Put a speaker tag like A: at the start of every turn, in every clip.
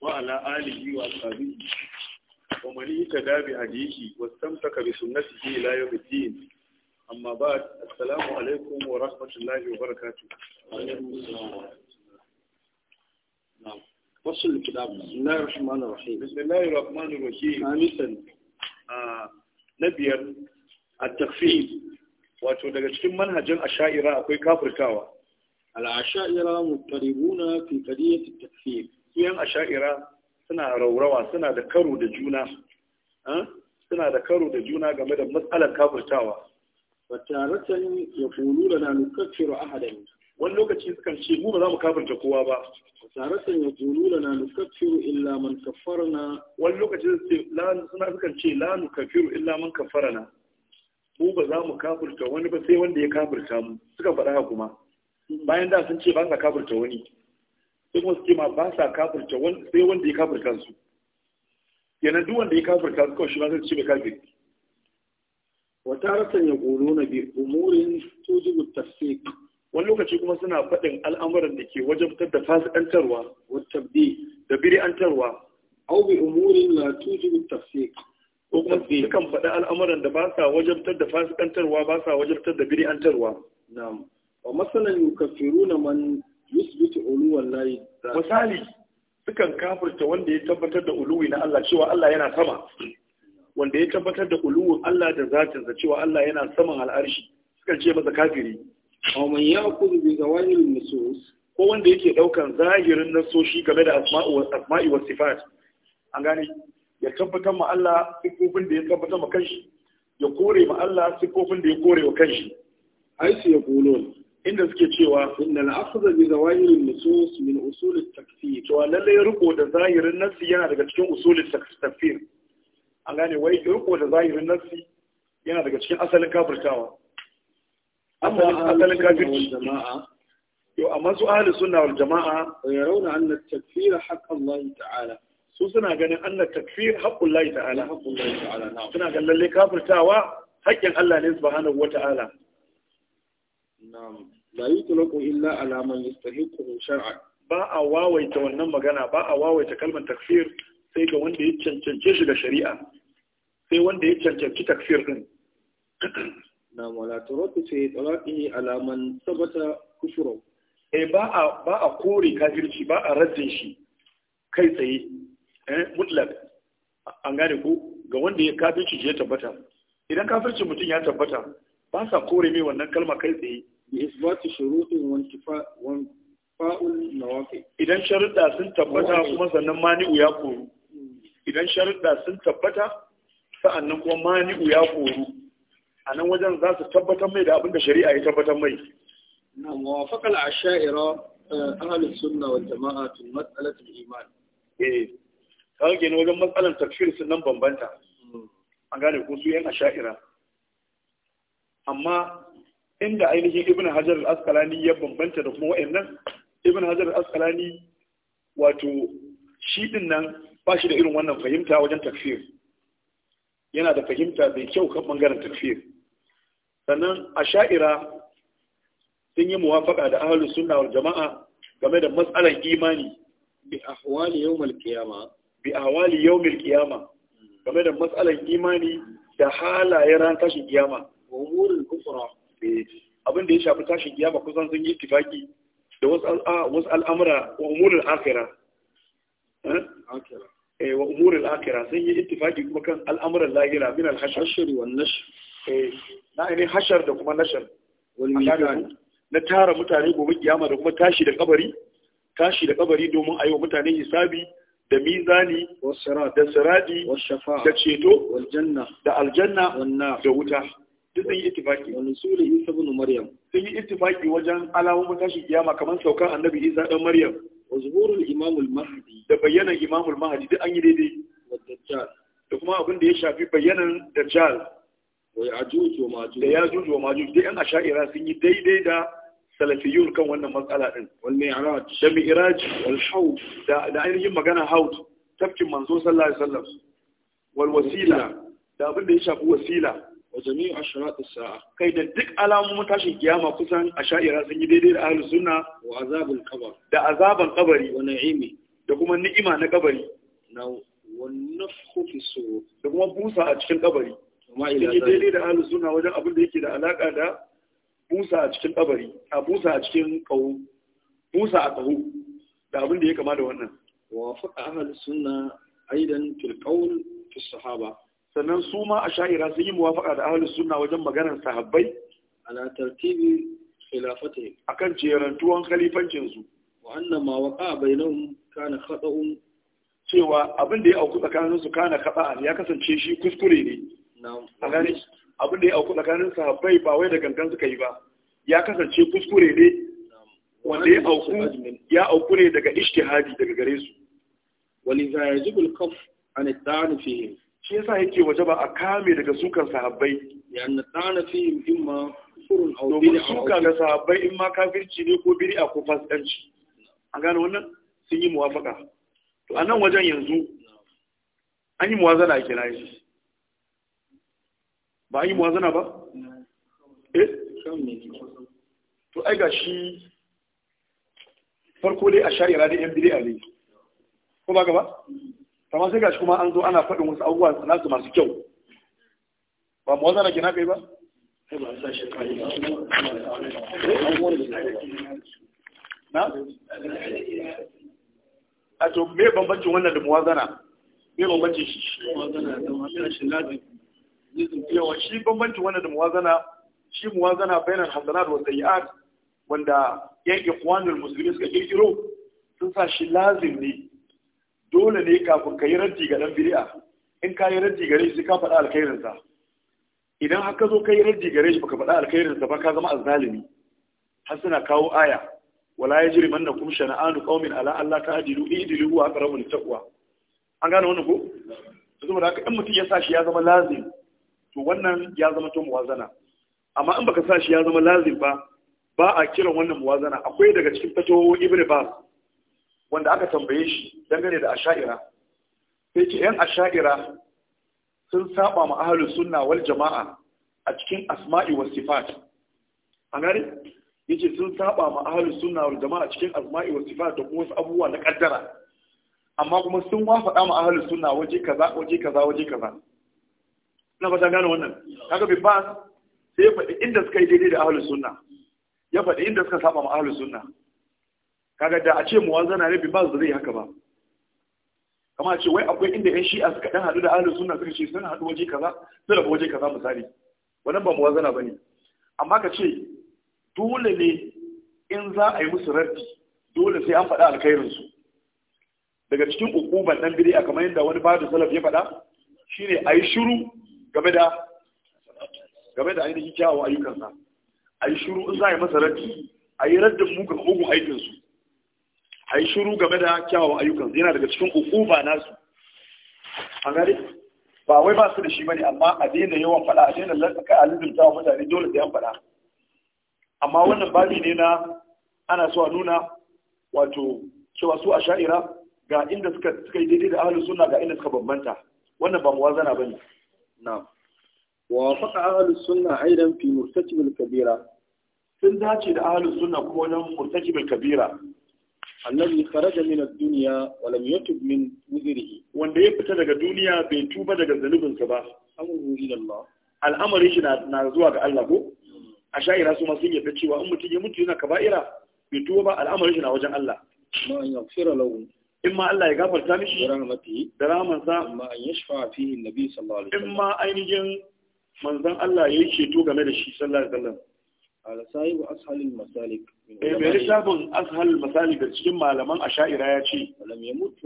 A: وعلى آله وأصحابه ومن اهتدى بهديه واستمسك بسنته إلى يوم الدين أما بعد السلام عليكم ورحمة الله وبركاته وعليكم السلام ورحمة الله فصل الكتاب بسم الله الرحمن الرحيم بسم الله الرحمن الرحيم خامسا نبيا التخفيف wato daga cikin manhajin asha'ira akwai kafirtawa al-asha'ira mutaribuna fi qadiyat at-takfir yan asha'ira suna raurawa suna da karo da juna suna da karo da juna game da matsalar kafirtawa wa taratan yaquluna la nukaffiru ahadan wani lokaci sukan ce mu ba za mu kafirta kowa ba Ba tare taratan na la nukaffiru illa man na wani lokaci suna sukan ce la nukaffiru illa man na mu ba za mu kafirta wani ba sai wanda ya kafirta mu suka faɗa kuma hmm. bayan da sun ce ba ka kafirta wani sai kuma suke ma ba sa kafirce sai wanda ya kafirta su yana duk wanda ya kafirta su kawai shi ma sai ce bai kafiri wata rasan ya goro na bi umurin tujibu tafsik wani lokaci kuma suna faɗin al'amuran da ke wajen fitar da fasikantarwa wata bi da biri'antarwa au bi umurin la tujibu tafsik ko kuma sukan faɗi al'amuran da ba sa wajen fitar da fasikantarwa ba sa wajen fitar da biri biri'antarwa na wa yukafiru na man yusbitu uluwan layi misali sukan kafirta wanda ya tabbatar da uluwi na Allah cewa Allah yana sama wanda ya tabbatar da uluwin Allah da zatinsa cewa Allah yana saman al'arshi sukan ce masa kafiri aw man ya'khudhu bi zawahir nusus ko wanda yake daukan zahirin nasoshi game da asma'u wa asma'i wa sifat an gane ya tabbatar ma Allah sifofin da ya tabbatar ma kanshi ya kore ma Allah sifofin da ya kore wa kanshi ai su ya bulon inda suke cewa inna al-akhdha bi zawahir an-nusus min usul at-takfir to lalle riko da zahirin nassi yana daga cikin usul at-takfir an gane wai riko da zahirin nassi yana daga cikin asalin kafirtawa asalin kafirci yau amma su ahli sunna wal jama'a yarawna anna at-takfir haqq Allah ta'ala su suna ganin anna takfir haqqul Allah ta'ala haqqul Allah ta'ala suna ganin lalle kafirtawa haƙƙin Allah ne subhanahu wa ta'ala Na'am. La yutlaqu illa ala man yastahiqu shar'an. Ba a wawaita wannan magana, ba a wawaita kalmar takfir sai ga wanda ya cancance shi shari'a. Sai wanda ya cancanci takfir din. wala turatu fi talaqihi ala man sabata kufru. Eh ba a ba a kore kafirci, ba a rajin shi kai tsaye. Eh An gane ku ga wanda ya kafirci ya tabbata. Idan kafirci mutum ya tabbata, ba sa kore mai wannan kalma kai tsaye bi isbati shurutin wa intifa'ul idan sharuɗa sun tabbata kuma sannan mani'u ya koru idan sharuɗa sun tabbata sa'annan kuma mani'u ya koru a nan wajen za su tabbatar mai da abin da shari'a ya tabbatar mai na mawafaqal ash'ira eh, ahlus sunna wal jama'a tun mas'alatul iman eh kawai wajen matsalar tafsir nan bambanta hmm. an gane ko su yan amma inda ainihin ibn hajar al-asqalani ya bambanta da kuma wa'annan ibn hajar al-asqalani wato shi din nan ba shi da irin wannan fahimta wajen takfir yana da fahimta mai kyau kan bangaren takfir sannan a sha'ira sun yi muwafaka da ahlus sunna wal jama'a game da matsalar imani bi ahwali yawmil qiyama bi ahwali yawmil qiyama game da matsalar imani da halayen ran tashin kiyama wa umurul kufra Eh, abin da ya shafi tashin kiyama kusan sun yi tifaki da wasu al'amura wa umurin akira eh? eh, wa umurin akira sun yi tifaki kuma kan al'amuran lahira min al-hashar wa nashar na ainihin hashar da kuma nashar na tara mutane gobe giyama da kuma tashi da kabari tashi da kabari domin a yi wa mutane hisabi da mizani da siradi da ceto da aljanna da wuta duk sun yi ittifaki wa nusuli isa ibn maryam sun yi itifaki wajen alamun tashin kiyama kamar saukan annabi isa dan maryam wa zuhurul imam al-mahdi da bayyana imam al-mahdi duk an yi daidai dajjal da kuma abin da ya shafi bayyanan dajjal wa ya'juj wa ma'juj da ya'juj wa ma'juj duk an asha'ira sun yi daidai da salafiyun kan wannan matsala din wal mi'raj da mi'raj wal hawd da da ainihin magana hawd tafkin manzo sallallahu alaihi wasallam wal wasila da abin da ya shafi wasila wa jami'u ashratu sa'a kai da duk alamomin tashin kiyama kusan asha'ira sun yi daidai da ahlus sunna wa azabul qabr da azaban qabari wa na'imi da kuma ni'ima na qabari na wannafhu fi sur da kuma busa a cikin qabari kuma ila daidai da ahlus sunna wajen abin da yake da alaka da busa a cikin qabari a busa a cikin qawu busa a qawu da abin da ya kama da wannan wa faqa ahlus sunna aidan fil qawl fi sahaba sannan su ma a sha'ira sun yi muwafaka da ahalus suna wajen maganar sahabbai ala tartibi khilafatihim akan jerantuwan khalifancin su wa anna ma waqa bainahum kana khata'un cewa abin da ya auku tsakanin su kana khata'a ya kasance shi kuskure ne na'am abin da ya auku tsakanin sahabbai ba wai da gangan suka yi ba ya kasance kuskure ne wanda ya auku ya auku ne daga ijtihadi daga gare su waliza yajibu al-kaf an ta'anu fihi shi yasa yake waje ba a kame daga sukan sahabbai yana tsana fi imma furun au da suka ga sahabbai in ma kafirci ne ko biri'a ko fasikanci an gane wannan sun yi muwafaka to a nan wajen yanzu an yi muwazana kira shi ba an yi muwazana ba eh to ai ga shi farko dai a shari'a da yan bid'a ne ko ba ka ba? kamar sai gashi kuma an zo ana faɗin wasu abubuwa su masu kyau ba mu wazana ki na kai ba na a to me bambancin wannan da muwazana me bambancin shi yawa shi bambancin wannan da muwazana shi muwazana bainar da wasu sayyi'at wanda yan ikwanul musulmi suka kirkiro sun sa shi lazim ne dole ne kafin ka yi raddi ga ɗan biri'a, in ka yi raddi gare shi ka faɗa alkhairinsa idan haka zo ka yi raddi gare shi baka faɗa alkhairinsa ba ka zama azzalimi har suna kawo aya wala yajri mannakum shana'anu qaumin ala Allah alla ta'dilu idilu huwa aqrabu littaqwa an gane wannan ko saboda haka in mutum ya sa shi ya zama lazim to wannan ya zama to muwazana amma in baka sa shi ya zama lazim ba ba a kiran wannan muwazana akwai daga cikin fatawo ibn bas wanda aka tambaye shi dangane da asha'ira sai ce yan asha'ira sun saba ma ahalu sunna wal jama'a a cikin asma'i wa sifat an gani yace sun saba ma ahalu sunna wal jama'a cikin asma'i wa sifat da kuma abubuwa na kaddara amma kuma sun wafaɗa ma ahalu sunna waje kaza waje kaza waje kaza na fata gane wannan kaga bi ba sai ya faɗi inda suka yi daidai da ahalu sunna ya faɗi inda suka saba ma ahalu sunna kaga da a ce mu muwazana bi ba zai haka ba kama ce wai akwai inda yan shi'a suka dan hadu da ahlus sunna suka ce sun hadu waje kaza sun rabu waje kaza misali wannan ba muwazana bane amma ka ce dole ne in za a yi musu raddi dole sai an faɗa alkhairin su daga cikin hukumar dan bid'a kamar yadda wani bada salaf ya faɗa shine a yi shiru game da game da ainihin kyawun ayyukansa a yi shiru in za a yi masa raddi a yi raddin mugun mugun aikinsu a yi shiru game da kyawawan ayyukan yana daga cikin ukuba nasu an gari ba wai ba su da shi bane amma a daina yawan faɗa a daina lantsaka a lizinta wa mutane dole sai an faɗa amma wannan babi ne na ana so a nuna wato cewa su a sha'ira ga inda suka suka yi daidai da ahalin suna ga inda suka bambanta wannan ba muwazana bane na'am wa faqa ahalin suna aidan fi bil kabira sun dace da ahalin suna ko wajen bil kabira annabi kharaja min ad-dunya wa lam yatub min wuzrihi wanda ya fita daga duniya bai tuba daga zalubinsa ba amru ila Allah al'amari shi na zuwa ga Allah ko a sha'ira su ma masu yadda cewa in mutum ya mutu yana kaba'ira bai tuba ba al'amari shi na wajen Allah ma yaghfira lahu in ma Allah ya gafarta mishi da rahmatihi da rahmansa an yashfa fihi annabi sallallahu alaihi wasallam in ma ainihin manzon Allah ya yi ceto game da shi sallallahu alaihi wasallam قال صاحب أسهل المسالك من رشاب cikin malaman asha'ira ya ce lam yamut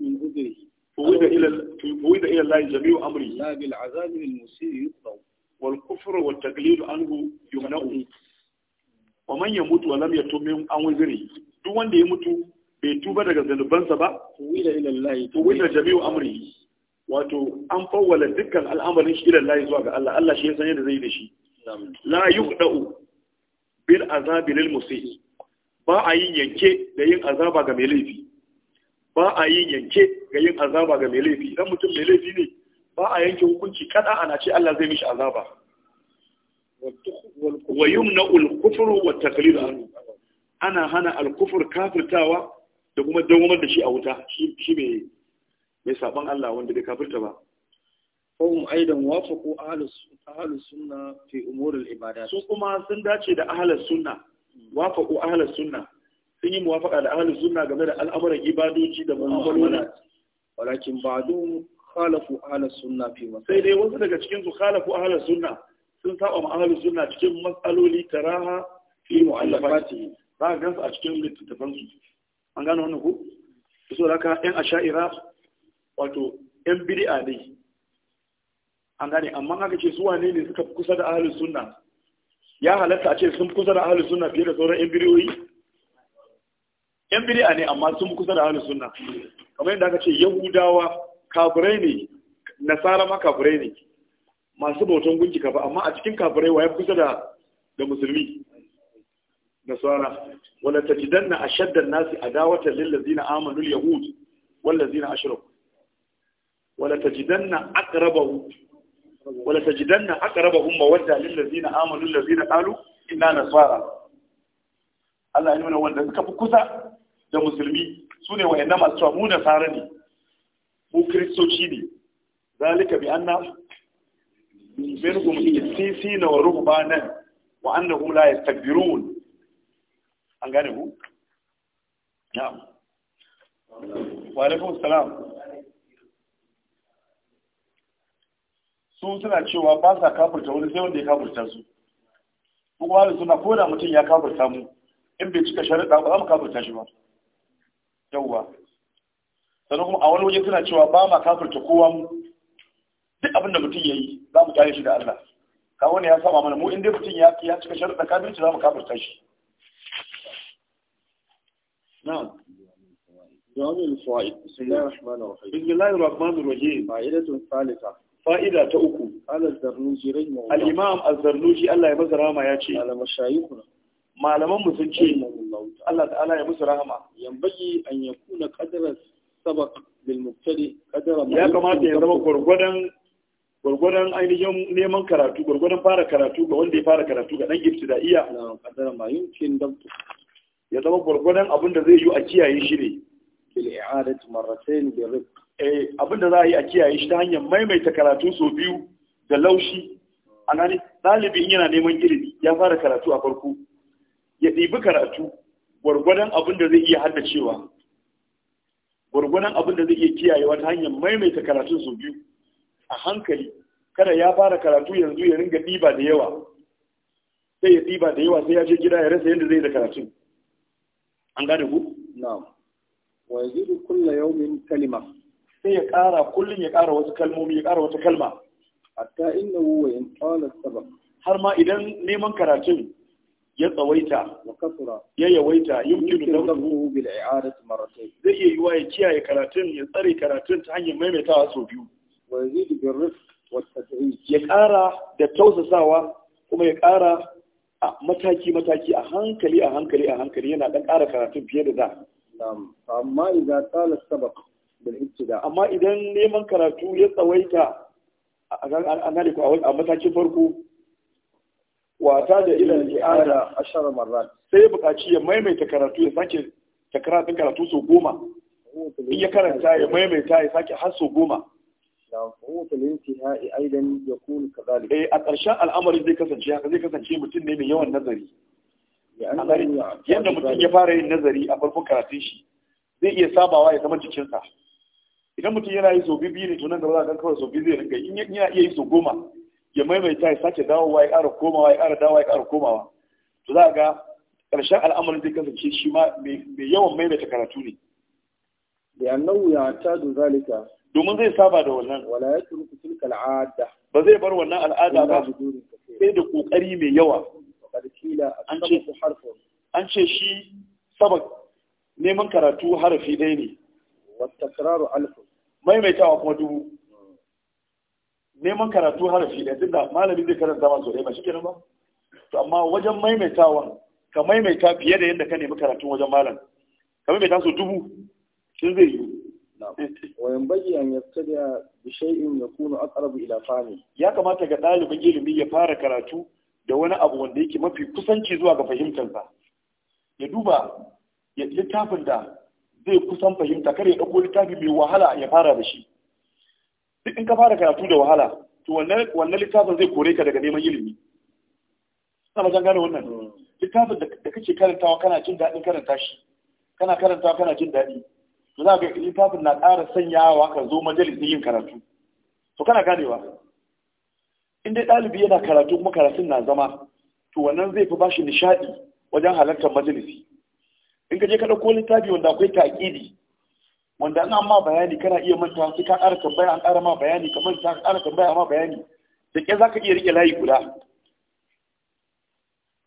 A: min udrihi
B: fuwida ila fuwida ila Allah jami'u amri la
A: bil azab musir wal kufr wa taqlid anhu yumna'u wa man yamut wa lam min an duk wanda ya mutu bai tuba daga zanubansa ba fuwida ila Allah fuwida jami'u amri wato an fawwala dukkan al'amarin shi ila Allah zuwa ga Allah Allah shi ya san yadda zai da shi la yuqda'u bil azabi lil musii ba a yin yanke da yin azaba ga mai laifi ba a yin yanke ga yin azaba ga mai laifi dan mutum mai laifi ne ba a yanke hukunci kada ana ce Allah zai mishi azaba wa yumna al kufru wa taqlid anhu ana hana al kufur kafirtawa da kuma dawamar da shi a wuta shi mai mai saban Allah wanda bai kafirta ba Kawun aidan ko ahalus sunna fi umurul ibada su kuma sun dace da ahalus sunna ko ahalus sunna sun yi muwafaka da ahalus sunna game da al'amuran ibadoci da mu'amalona walakin ba ba'du khalafu ahalus sunna fi sai dai wasu daga cikin su khalafu ahalus sunna sun saba ma ahalus sunna cikin matsaloli raha fi mu'allafati za a gansu a cikin littattafan su an gane wannan ku so da ka yan asha'ira wato yan bid'a ne an gane amma aka ce su ne ne suka fi kusa da ahalin sunna ya halatta a ce sun kusa da ahalin sunna fiye da sauran yan biriyoyi yan biriya ne amma sun kusa da ahalin sunna kamar yadda aka ce yahudawa kafirai ne nasara ma kafirai ne masu bautan gunki kafa amma a cikin kafirai wa ya kusa da da musulmi nasara wala tajidanna ashadda an-nasi adawatan lil ladzina amanu al-yahud wal ladzina ashraku wala tajidanna aqrabahum wala tajidanna aqrabahum wadda lil ladina amanu ladina qalu inna nasara Allah ya nuna wanda suka fi kusa da musulmi sune wayannan masu cewa mu sara ne mu kristoci ne zalika bi anna minhum istisina wa ruhbanan wa annahum la yastakbirun an gane ku na'am wa alaikum salam su suna cewa ba sa kafurta wani sai wanda ya kafurta su kuma wani suna ko da mutum ya kafurta mu in bai cika sharaɗa ba za mu kafurta shi ba Yauwa. sannan kuma a wani waje suna cewa ba ma kafurta kowa mu duk abin da mutum ya yi za mu kare shi da Allah ka wani ya saba mana mu in dai mutum ya ya cika sharaɗa kafirci za mu kafurta shi na'am بسم الله الرحمن الرحيم بسم الله الرحمن الرحيم فائدة ثالثة fa'ida ta uku al-imam az-zarnuji Allah ya masa rahama ya ce malaman mu sun ce Allah ta'ala ya musu rahama an yakuna sabaq bil mubtadi qadara ya kamata ya zama gurgurdan ainihin neman karatu gurgurdan fara karatu ga wanda ya fara karatu ga dan ibtidaiya qadara ma yumkin ya zama gurgurdan abin da zai yi a kiyaye shi ne bil i'adati marratayn bi rifq Eh, abin da za a yi a kiyaye shi ta hanyar maimaita karatu sau biyu da laushi a gani ɗalibin yana neman ilimi ya fara karatu a farko ya ɗibi karatu gwargwadon abin da zai iya haddacewa gwargwadon abin da zai iya kiyayewa ta hanyar maimaita karatun sau biyu a hankali kada ya fara karatu yanzu ya ringa ɗiba da yawa sai ya ɗiba da yawa sai ya je gida ya rasa yadda zai da karatun an gane ku na'am wa yazidu kullu yawmin kalima sai ya ƙara kullum ya ƙara wasu kalmomi ya ƙara wata kalma hatta inna huwa in qala sabab har ma idan neman karatun ya tsawaita wa kasura ya yawaita yumkinu dawruhu bil i'adati marratayn zai iya yiwa ya kiyaye karatun ya tsare karatun ta hanyar maimaitawa sau biyu wa yazidu bil rifq wa tad'i ya ƙara da tausasawa kuma ya ƙara a mataki mataki a hankali a hankali a hankali yana dan ƙara karatun fiye da da amma idan qala sabab da amma idan neman karatu ya tsawaita a a matakin farko wata da ilan li'ada shara marrat sai ya buƙaci ya maimaita karatu ya sake takaratun karatu sau goma in ya karanta ya maimaita ya sake har sau goma eh a ƙarshen al'amarin zai kasance haka zai kasance mutum ne mai yawan nazari yadda mutum ya fara yin nazari a farkon karatun shi zai iya sabawa ya zama jikinsa idan mutum yana yi sau biyu ne tunan gaba za a kan kawai sau biyu zai rinka in yana iya yi sau goma ya maimaita ya sake dawowa ya ƙara komawa ya ƙara dawowa ya ƙara komawa to za a ga ƙarshen al'amarin zai kasance shi ma mai yawan maimaita karatu ne da annahu ya ta do zalika domin zai saba da wannan wala ya turku tilka al'ada ba zai bar wannan al'ada ba sai da kokari mai yawa an ce an ce shi sabak neman karatu harafi ɗaya ne والتكرار ألف maimaitawa kuma dubu neman karatu harafi ɗaya tunda da malami zai karanta ma ɗaya ba shi kenan ba to amma wajen maimaitawa, ka maimaita fiye da yadda ka nemi karatu wajen malam ka maimaita su dubu sun zai yi wayan bayi an yabtada bi shay'in yakunu aqrabu ila fahmi ya kamata ga ɗalibin ilimi ya fara karatu da wani abu wanda yake mafi kusanci zuwa ga fahimtar sa ya duba littafin da zai kusan fahimta kare ya ɗauko littafi mai wahala ya fara da shi duk in ka fara karatu da wahala to wannan littafin zai kore ka daga neman ilimi na mazan gane wannan littafin da kake karantawa kana jin daɗin karanta shi kana karantawa kana jin daɗi to za ga littafin na ƙara sanyawa ka zo majalisin yin karatu to kana ganewa in dai ɗalibi yana karatu kuma karatun na zama to wannan zai fi bashi nishaɗi wajen halartar majalisi in ka je ka ɗauko littafi wanda akwai taƙidi wanda an amma bayani kana iya manta sai ka ƙara tambaya an ƙara ma bayani ka manta ka ƙara tambaya ma bayani da ke za ka iya riƙe layi guda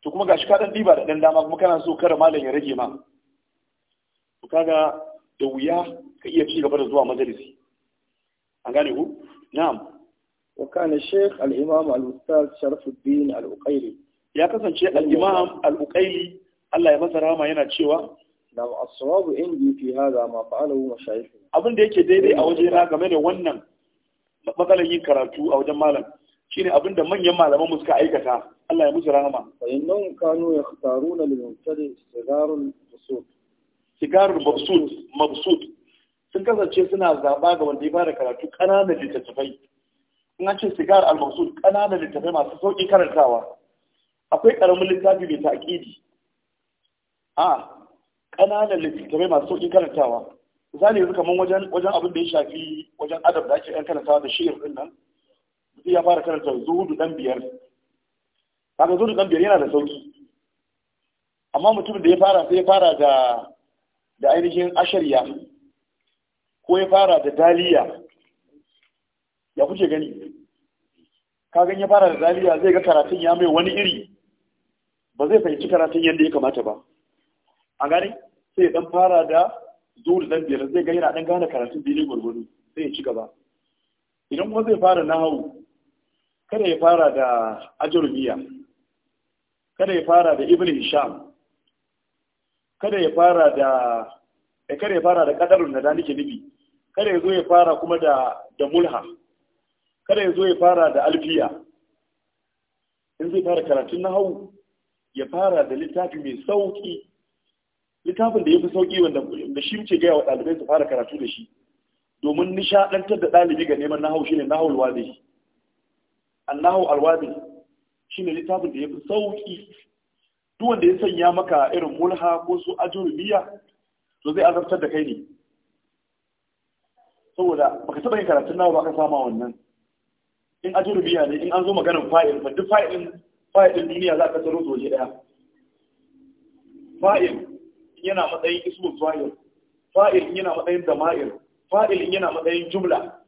A: to kuma gashi ka ɗan ɗiba da ɗan dama kuma kana so kare malam ya rage ma to kaga da wuya ka iya ci gaba da zuwa majalisi an gane ku na'am wa kana sheikh al-imam al-ustaz sharfuddin al-uqaili ya kasance al-imam al-uqaili Allah ya masa rama yana cewa na aswabu indi fi hada ma fa'alahu mashayikh abin da yake daidai a waje na game da wannan matsalar yin karatu a wajen malam shine abin da manyan malaman mu suka aikata Allah ya musu rahama fa innahum kanu yakhtaruna lil mubtadi sigarun mabsut sigarul mabsut mabsut sun kasance suna zaba ga wanda ya fara karatu kananan littattafai in an ce sigar al-mabsut kananan littattafai masu sauƙin karantawa akwai karamin littafi mai ta'kidi a ƙananan littattafai masu sauƙin karantawa misali yanzu kamar wajen wajen abin da ya shafi wajen adab da ake ɗan karantawa da shi'ir ɗin nan mutum ya fara karanta zuhudu ɗan biyar kaga zuhudu ɗan biyar yana da sauƙi amma mutumin da ya fara sai ya fara da da ainihin ashariya ko ya fara da daliya ya kuke gani Ka gan ya fara da daliya zai ga karatun ya mai wani iri ba zai fahimci karatun yadda ya kamata ba a gani sai ya dan fara da zuwa dan biyar zai ga yana dan gane karatun daidai gwargwado sai ya ci gaba idan kuma zai fara nahawu kada ya fara da ajurmiya kada ya fara da ibn hisham kada ya fara da eh, kada ya fara da kadarun da nake nufi kada ya zo ya fara kuma da da mulha kada ya zo ya fara da alfiya in zai fara karatun nahawu ya fara da littafi mai sauki littafin da ya fi sauƙi wanda da shi muke gaya wa ɗalibai su fara karatu da shi domin nishaɗantar da ɗalibi ga neman nahawu shine nahawul wadi annahu alwadi shine littafin da ya fi sauƙi duk wanda ya sanya maka irin mulha ko su ajurbiya to zai azabtar da kai ne saboda baka taɓa yin karatun nawa ba ka sama wannan in ajurbiya ne in an zo maganar fa'il ba duk fa'il duniya za ka tsaro su waje ɗaya fa'il yana matsayin ismu zahir fa'il yana matsayin ma'ir. fa'il yana matsayin jumla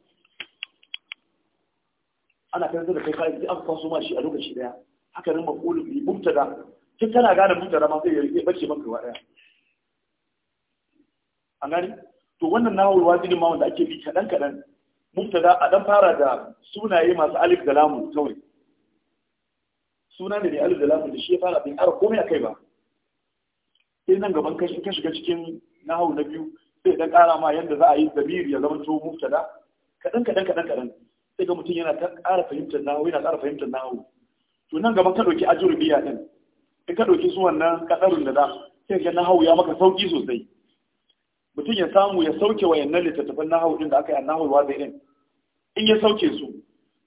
A: ana kan da kai kai an faso ma shi a lokaci daya haka nan maqulun bi mubtada tun kana gane mubtada ma sai ya rike bace maka wa daya an gani to wannan nahawul wajibi ma wanda ake bi kadan kadan mubtada a dan fara da sunaye masu alif da lamu kawai suna ne alif da lamu da shi ya fara bin ara komai akai ba sai nan gaban ka shiga cikin nahu na biyu sai dan ƙara ma yadda za a yi zamiri ya zama to mubtada kadan kadan kadan kadan sai ga mutum yana ƙara fahimtar nahu yana ƙara fahimtar nahu to nan gaban ka dauki ajurbiya din in ka dauki su wannan kadarun da da sai ga nahu ya maka sauki sosai mutum ya samu ya sauke wayannan littattafan nahu din da aka yi a nahawul wazai din in ya sauke su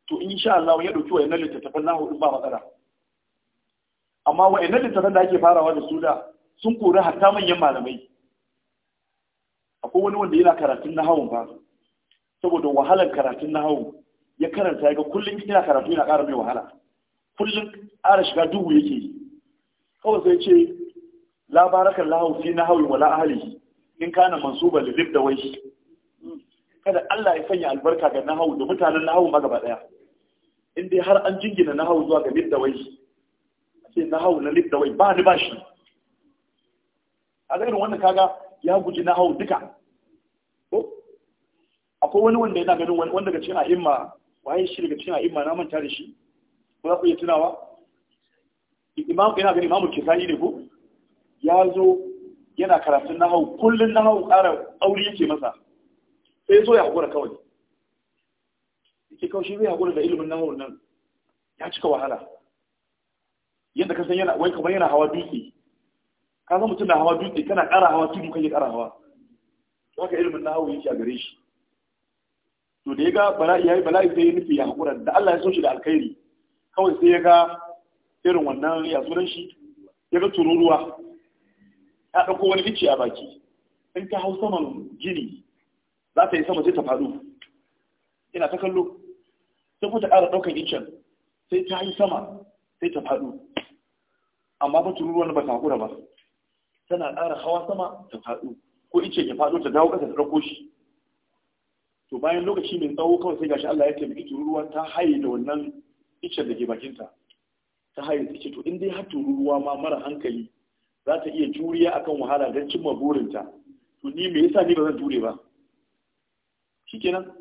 A: to insha Allah ya dauki wayannan littattafan nahu din ba matsala amma wayannan littattafan da ake farawa da su da sun kori hatta manyan malamai akwai wani wanda yana karatun nahawun ba saboda wahalar karatun hawan ya karanta ya ga kullum yana karatu yana ƙara mai wahala kullum ƙara shiga duhu yake kawai sai ce labarakan lahau fi nahawi wala ahli in kana mansuba li zibda wai kada Allah ya sanya albarka ga nahawu da mutanen nahawu ma gaba daya in dai har an jingina nahawu zuwa ga libda wai ce nahawu na libda wai ba ni ba shi a irin wannan kaga ya guji na hau duka akwai wani wanda yana ganin wanda daga cikin a'imma waye shi daga cin a'imma na manta da shi ko za ku iya tunawa imam yana ganin imamu kisani ne ko ya zo yana karatun na hau kullum na hau ƙara aure yake masa sai zo ya haƙura kawai yake kawai shi zai haƙura da ilimin na hau nan ya cika wahala yadda kasan yana wai kamar yana hawa dutse ka san mutum na hawa dutse kana ƙara hawa tudu kake ƙara hawa to haka ilimin nahawu yake a gare shi to da ya ga bala'i yayi bala'i sai ya nufi ya hakura da Allah ya so shi da alkhairi kawai sai ya ga irin wannan ya sunan shi ya ga tururuwa Ya ɗauko wani gici a baki in ta hau saman gini za ta yi sama sai ta faɗo. ina ta kallo sai kuma ta ƙara ɗaukar gicin sai ta yi sama sai ta faɗo. amma ba tururuwan ba ta hakura ba tana ƙara hawa sama ta faɗo ko ice ya faɗo ta dawo ƙasa ta ɗauko shi to bayan lokaci mai tsawo kawai sai gashi Allah ya miki tururuwa ta haye da wannan ice da ke bakinta ta haye ta ce to in dai har tururuwa ma mara hankali za ta iya juriya akan wahala don cimma burinta to ni me yasa ni ba zan jure ba shikenan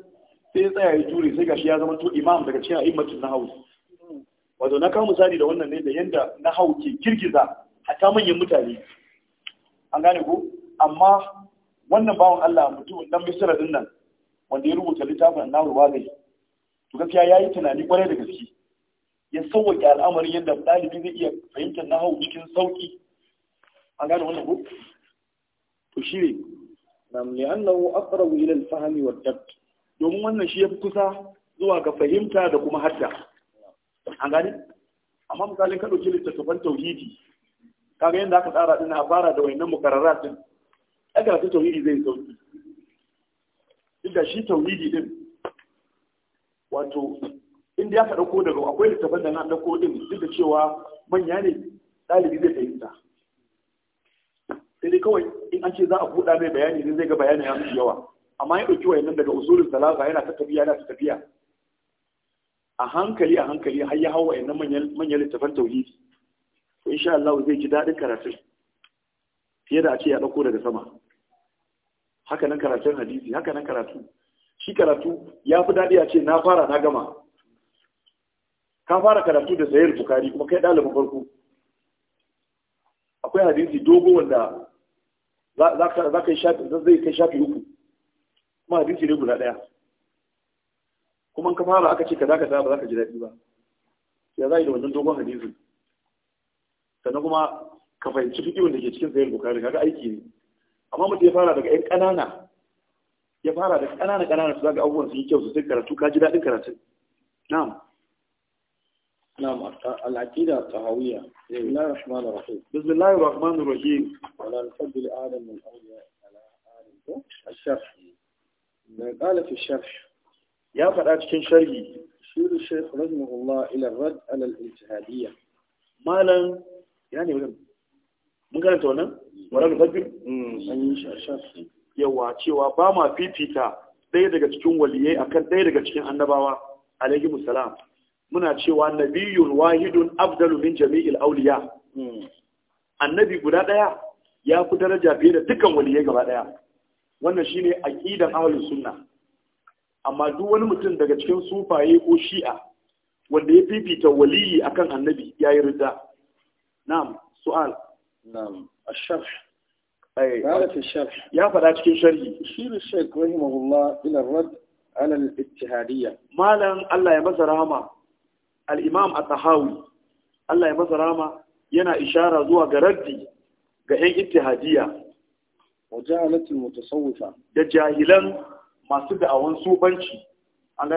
A: sai ya tsaya ya jure sai gashi ya zama to imam daga cikin a'immatin na hausa wato na kawo misali da wannan ne da yanda na hau ke girgiza hatta manyan mutane an gane ku amma wannan bawan Allah mutumin dan misira din nan wanda ya rubuta littafin na ruwagai to gaskiya yayi tunani kwarai da gaske ya sauwaƙe al'amarin yadda dalibi zai iya fahimtar na hau cikin sauƙi an gane wannan ku to shi ne nam li'annahu aqrab ila al-fahmi wa ad domin wannan shi yafi kusa zuwa ga fahimta da kuma hadda an gane amma misalin ka dauki littattafan tauhidi kaga yadda aka tsara din a fara da wayannan mukarrarat din ta karatu tauhidi zai zo duk shi tauhidi din wato inda ya ka dauko daga akwai littafin da na dauko din duk da cewa manya ne dalibi zai fahimta sai dai kawai in an ce za a buɗa mai bayani ne zai ga bayanin ya mishi yawa amma ya ɗauki wayannan daga usulin salasa yana ta tafiya yana ta tafiya a hankali a hankali har ya hawa wayannan manyan littafan tauhidi to insha Allah zai ji daɗin karatun fiye da a ce ya ɗauko daga sama haka nan karatun hadisi haka nan karatu shi karatu ya fi daɗi a ce na fara na gama ka fara karatu da sayar bukari kuma kai ɗalibin farko akwai hadisi dogo wanda za ka yi shafi zai kai shafi uku kuma hadisi ne guda ɗaya kuma ka fara aka ce ka za ka ba za ka ji daɗi ba ya za yi da wannan dogon hadisi sannan kuma ka fahimci fiƙiwin da ke cikin sayar bukari kaga aiki ne amma mutum ya fara daga ƴan ƙanana ya fara da ƙanana ƙanana su zaga abubuwan su yi kyau sosai karatu ka ji daɗin karatun na'am na'am al'aqida نعم العقيدة الطهوية بسم الله الرحمن الرحيم بسم الله الرحمن الرحيم ولا نفضل آدم من أولياء على آدم الشرح قال في الشرح يا فقط كن شرحي يشير الشيخ رحمه الله إلى ala al الانتهادية مالا ina ne mun karanta wannan wala da mm. an yi shafi yawa cewa ba ma fifita ɗaya daga cikin waliye akan ɗaya daga cikin annabawa alaihi musalam muna cewa Nabiyu wahidun afdalu min jami'il awliya mm. annabi guda ɗaya ya fi daraja fiye da dukkan waliyai gaba ɗaya wannan shine aqidan ahlus sunna amma duk wani mutum daga cikin sufaye ko shi'a wanda ya fifita waliyi akan annabi yayi ridda na'am su'al na'am ash-sharh في الشرح يا فدا cikin sharhi shir الشيخ رحمه الله الى الرد على الاتهاديه مالن الله ya masa rahama al-imam tahawi Allah ya masa rahama yana ishara zuwa ga raddi ga ƴan ittihadiyya wa jahalatul mutasawwifa da jahilan masu da'awan sufanci an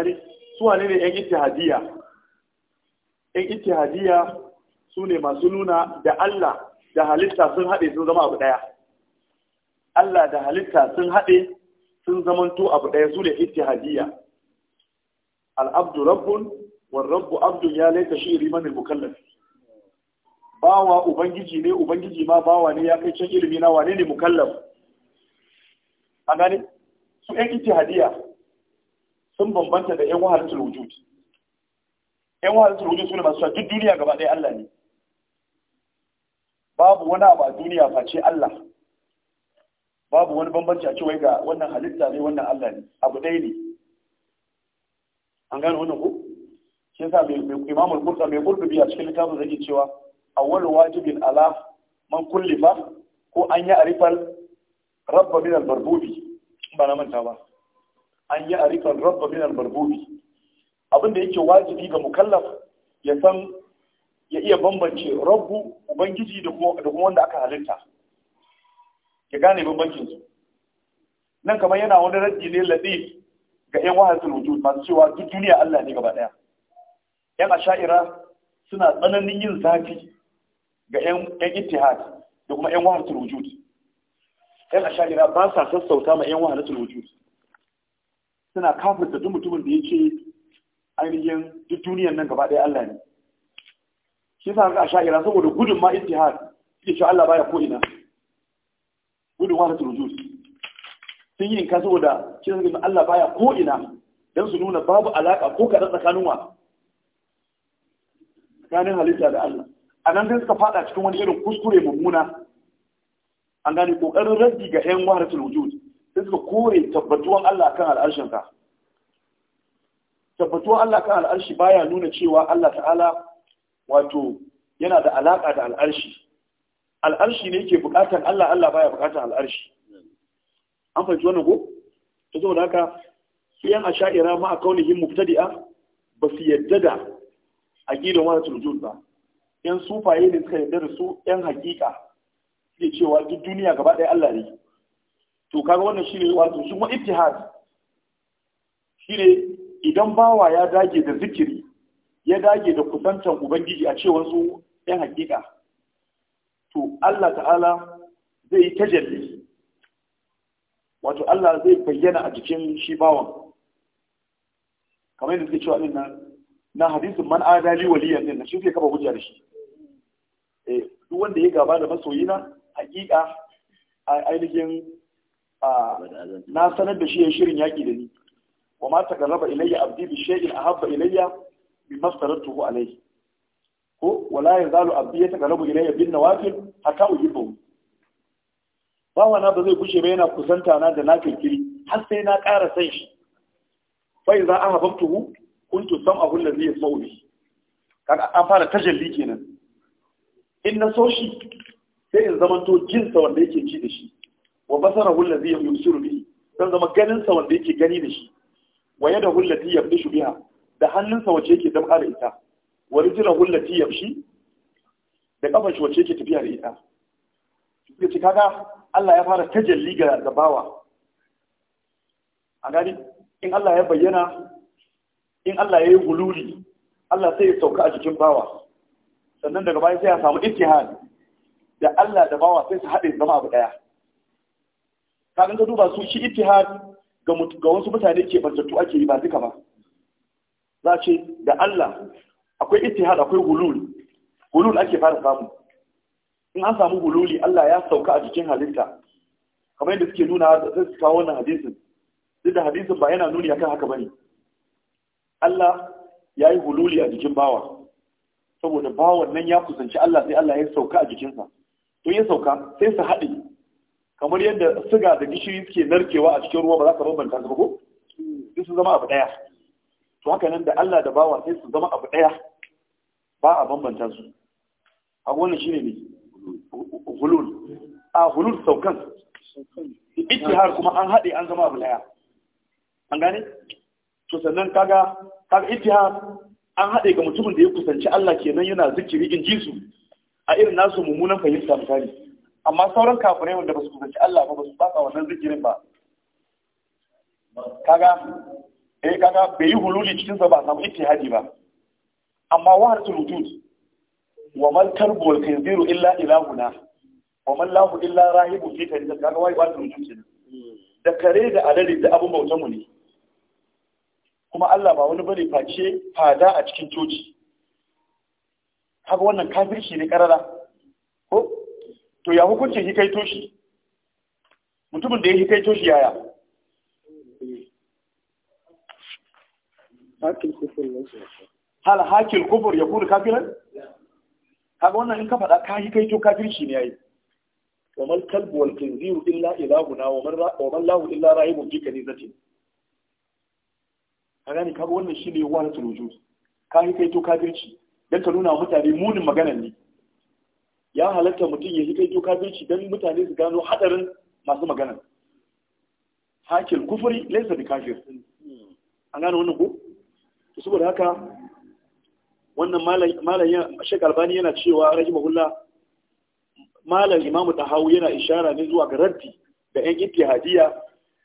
A: su ne ƴan su ne masu nuna da Allah da halitta sun haɗe sun zama abu ɗaya Allah da halitta sun haɗe sun zamanto abu ɗaya su ne hadiyya. al'abdu rabbun wa rabbu abdun ya laita shi riman al mukallaf bawa ubangiji ne ubangiji ma bawa ne ya kai can ilimi na wane ne mukallaf an gani, su ƴan hadiyya sun bambanta da ƴan wahalatul wujud ƴan wahalatul wujud su ne masu duk duniya gaba ɗaya Allah ne babu wani abu a duniya face Allah babu wani bambanci a cewa ga wannan halitta ne wannan Allah ne abu ɗaya ne an gane wannan ko shi yasa mai al-Qurtubi mai Qurtubi a cikin littafin zai cewa awwal wajibin ala man kullifa ko an yi arifal rabba min al-barbubi ba na manta ba an yi arifal rabba min al-barbubi abin da yake wajibi ga mukallaf ya san ya iya bambance rabu, ubangiji da kuma wanda aka halitta ya gane bambancin su nan kamar yana wani raddi ne ladi ga yan wahasul wujud masu cewa duk duniya Allah ne gaba daya yan asha'ira suna tsananin yin zafi ga yan yan ittihad da kuma yan wahasul wujud yan asha'ira ba sa sassauta ma yan wahasul wujud suna kafirta duk mutumin da yake ainihin duk duniyan nan gaba daya Allah ne shi sa ga sha'ira saboda gudun ma ittihad suke sha Allah baya ko ina gudun wata rujus sun yi ka saboda shi sa Allah baya ko ina dan su nuna babu alaka ko kaɗan tsakanin wa tsakanin halitta da Allah a nan suka fada cikin wani irin kuskure mummuna an gane kokarin raddi ga ƴan waharatul wujud sai suka kore tabbatuwan Allah kan al'arshin ka tabbatuwan Allah kan al'arshi baya nuna cewa Allah ta'ala wato yana da alaƙa da al'arshi al'arshi ne ke buƙatar Allah Allah baya buƙatar al'arshi an fahimci wannan ko ta zo da haka su yan asha'ira ma a kaunihin mubtadi'a ba su yadda da aqidar wani turjun ba yan sufaye ne suka yadda da su yan hakika ne cewa duk duniya gaba ɗaya Allah ne to kaga wannan shine wato shi ma ittihad shine idan bawa ya dage da zikiri ya dage da kusantan ubangiji a cewar su yan hakika to Allah ta'ala zai yi tajalli wato Allah zai bayyana a jikin shi bawan kamar yadda suke cewa ɗin nan na hadisin man adali waliyan na shi suke kafa hujja da shi eh duk wanda ya gaba da masoyina hakika a ainihin na sanar da shi ya shirin yaki da ni wa ma garaba ilayya abdi bi shay'in ahabba ilayya bima staratuhu alayhi ko wala yazalu abdi yataqarrabu ilayya bin nawafil hatta uhibbu bawa na ba zai kushe ba yana kusanta na da nafilkiri har sai na ƙara san shi fa idza ahabbtuhu kuntu sam'ahu allazi yasma'u bihi kaga an fara tajalli kenan in na so shi sai in zamanto jinsa wanda yake ji da shi wa basarahu allazi yubsiru bihi zan zama ganin sa wanda yake gani da shi wa yadahu allati yabdishu biha da hannunsa wace yake damƙa da ita wa rijilan hullati yamshi da kafan shi wace yake tafiya da ita ya ce kaga Allah ya fara tajalli ga gabawa a gani in Allah ya bayyana in Allah ya yi hululi Allah sai ya sauka a jikin bawa sannan daga baya sai ya samu ittihad da Allah da bawa sai su haɗe zama abu ɗaya kafin ka duba su shi ittihad ga wasu mutane ke bantattu ake yi ba duka ba za ce da Allah akwai ittihad akwai hulul hulul ake fara samu in an samu hululi Allah ya sauka a jikin halitta kamar yadda suke nuna da su kawo wannan hadisin duk da hadisin ba yana nuni akan haka bane Allah ya yi hululi a jikin bawa saboda bawan nan ya kusanci Allah sai Allah ya sauka a jikinsa to ya sauka sai su haɗe kamar yadda siga da gishiri suke narkewa a cikin ruwa ba za ka bambanta su ba ko su zama abu ɗaya to haka nan da Allah da bawa sai su zama abu ɗaya ba a bambanta su a wannan shine ne hulul a hulul saukan har kuma an haɗe an zama abu ɗaya an gane to sannan kaga kaga ittihar an haɗe ga mutumin da ya kusanci Allah kenan yana zikiri in ji su a irin nasu mummunan fahimta misali amma sauran kafirai wanda ba su kusanci Allah ba ba su fasa wannan zikirin ba kaga eh kaga bai yi hululi cikin sa ba samu ittihadi ba amma wahdatul wujud wa mal kalbu wal khinziru illa ilahuna wa man lahu illa rahibu fi tariqat kaga wahdatul wujud ne da kare da alali da abun bautan mu ne kuma Allah ba wani bane face fada a cikin coci kaga wannan kafirci ne karara ko to ya hukunce kai toshi? mutumin da ya hikaito shi yaya hal hakil kufur ya kuru kafiran kaga wannan in ka faɗa ka yi kaito kafirci ne yayi wa mal kalbu wal khinziru illa ilahuna wa man wa man lahu illa rahibun fi kanizati kaga ni kaga wannan shine waratul wujud ka yi kaito kafirci dan ka nuna mutane munin maganan ne ya halatta mutum ya yi kaito kafirci dan mutane su gano hadarin masu maganan. hakil kufuri laysa bi kafir hmm. an gano wannan ko saboda haka wannan malam shek albani yana cewa rahimahullah malam imamu hau yana ishara ne zuwa ga raddi da yan ittihadiyya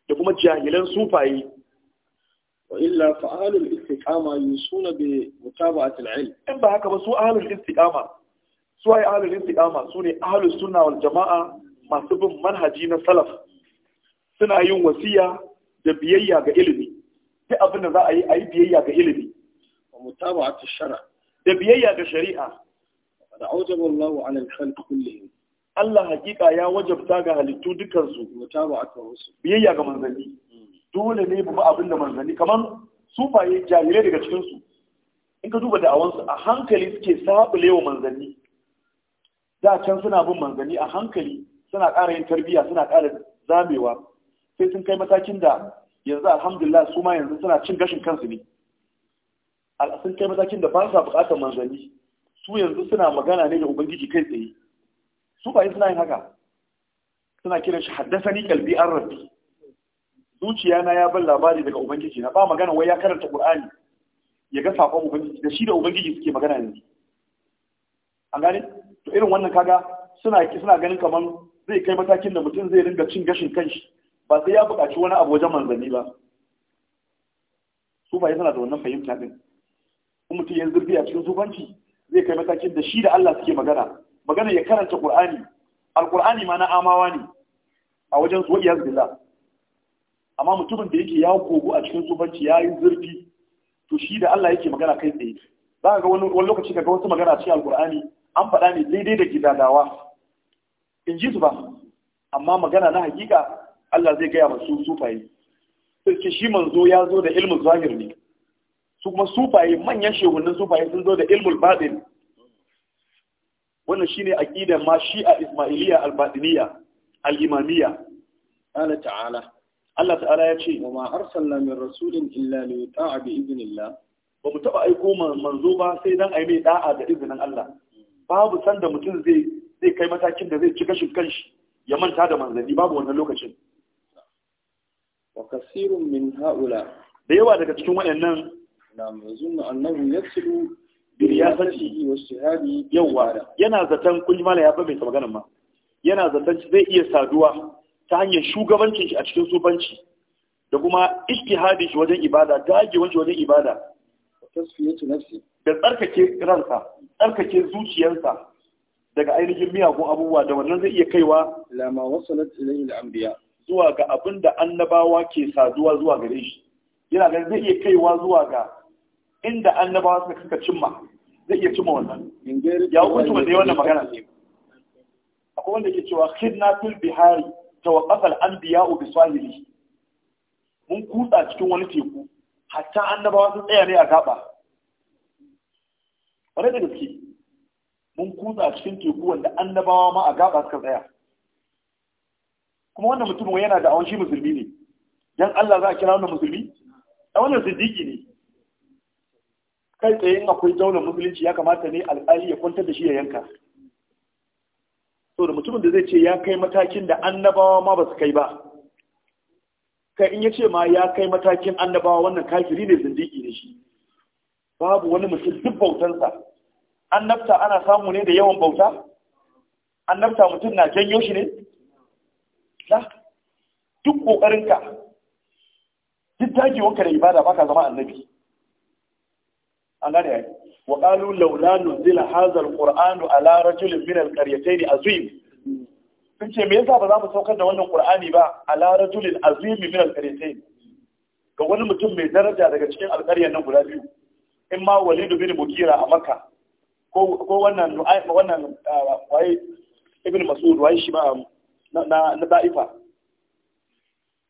A: da kuma jahilan sufaye wa illa fa ahlul istiqama yusuna bi ba a ilm in ba haka ba su ahlul istiqama su ai ahlul istiqama su ne ahlus sunna wal jama'a masu bin manhaji na salaf suna yin wasiya da biyayya ga ilimi sai abin da za a yi a yi biyayya ga ilimi wa mutaba'atu shara da biyayya ga shari'a da aujaba Allahu ala al-khalq kullihim Allah hakika ya wajabta ga halittu dukkan su mutaba'atu biyayya ga manzanni dole ne bu abin da manzanni kaman sufaye jahilai daga cikin su in ka duba da'awansu a hankali suke sabulewa manzanni da can suna bin manzanni a hankali suna ƙara yin tarbiyya suna ƙara zamewa sai sun kai matakin da yanzu alhamdulillah su ma yanzu suna cin gashin kansu ne sun kai matakin da ba sa bukatar manzanni su yanzu suna magana ne da ubangiji kai tsaye su ba suna yin haka suna kiran shi haddasa ni kalbi an rabbi zuciya na ya ban labari daga ubangiji na ba magana wai ya karanta qur'ani ya ga sakon ubangiji da shi da ubangiji suke magana yanzu an gane to irin wannan kaga suna suna ganin kamar zai kai matakin da mutum zai ringa cin gashin kanshi ba sai ya buƙaci wani abu wajen manzanni ba sufaye suna da wannan fahimta din Kuma mutum ya zurfi a cikin sufanci zai kai matakin da shi da Allah suke magana magana ya karanta Qur'ani alqur'ani ma na amawa ne a wajen su wa'iyaz billah amma mutumin da yake ya kogo a cikin sufanci ya yi zurfi to shi da Allah yake magana kai tsaye za ka ga wani lokaci ka ga wasu magana cikin alqur'ani an faɗa ne daidai da gidadawa in ji su ba amma magana na hakika Allah zai gaya masu sufaye sai ce shi manzo ya zo da ilmin zahir ne su kuma sufaye manyan shehunan sufaye sun zo da ilmul batin wannan shine aqidar ma shi'a ismailiyya al-batiniyya al-imamiyya Allah ta'ala Allah ta'ala ya ce ma arsalna min rasulin illa li yuta'a bi idnillah ba mu taba aiko manzo ba sai dan ai mai da'a da izinin Allah babu sanda mutum zai zai kai matakin da zai ci gashin kanshi ya manta da manzanni babu wannan lokacin wa kasirun min haula da yawa daga cikin waɗannan na mazun annahu yasilu bi riyasati wa shahadi yawara yana zaton kulli mala ya fa bai maganar ma yana zaton zai iya saduwa ta hanyar shugabancin shi a cikin sufanci da kuma ijtihadi shi wajen ibada dagewan shi wajen ibada tasfiyatu nafsi da tsarkake ransa tsarkake zuciyarsa daga ainihin miyagun abubuwa da wannan zai iya kaiwa lama wasalat ilayhi al-anbiya zuwa ga abin da annabawa ke saduwa zuwa gare shi yana ganin zai iya kaiwa zuwa ga inda annabawa suka kaka cimma zai iya cimma wannan ya hukunci wanda ya wannan magana ne akwai wanda ke cewa khidna fil bihari tawaqqafa Anbiya, anbiya'u bi sahili mun kutsa cikin wani teku hatta annabawa sun tsaya ne a gaba bare da gaske mun kutsa cikin teku wanda annabawa ma a gaba suka tsaya kuma wannan mutumin yana da awon shi musulmi ne don Allah za a kira wannan musulmi a wannan siddiqi ne kai tsaye in akwai daular musulunci ya kamata ne alƙali ya kwantar da shi ya yanka so da mutumin da zai ce ya kai matakin da annabawa ma ba su kai ba kai in ya ce ma ya kai matakin annabawa wannan kafiri ne zindiki ne shi babu wani mutum duk bautansa annabta ana samu ne da yawan bauta annabta mutum na janyo shi ne da duk ƙoƙarinka duk dagewanka da ibada baka zama annabi an gane yi. wa qalu laula nuzila hadha alquran ala rajulin min alqaryatayn azim sun ce me yasa ba za mu saukar da wannan qur'ani ba ala rajulin azim min alqaryatayn ga wani mutum mai daraja daga cikin alƙaryan nan guda biyu in ma walidu bin mukira a makka ko wannan wannan ah, waye ibn mas'ud waye shi ma na da'ifa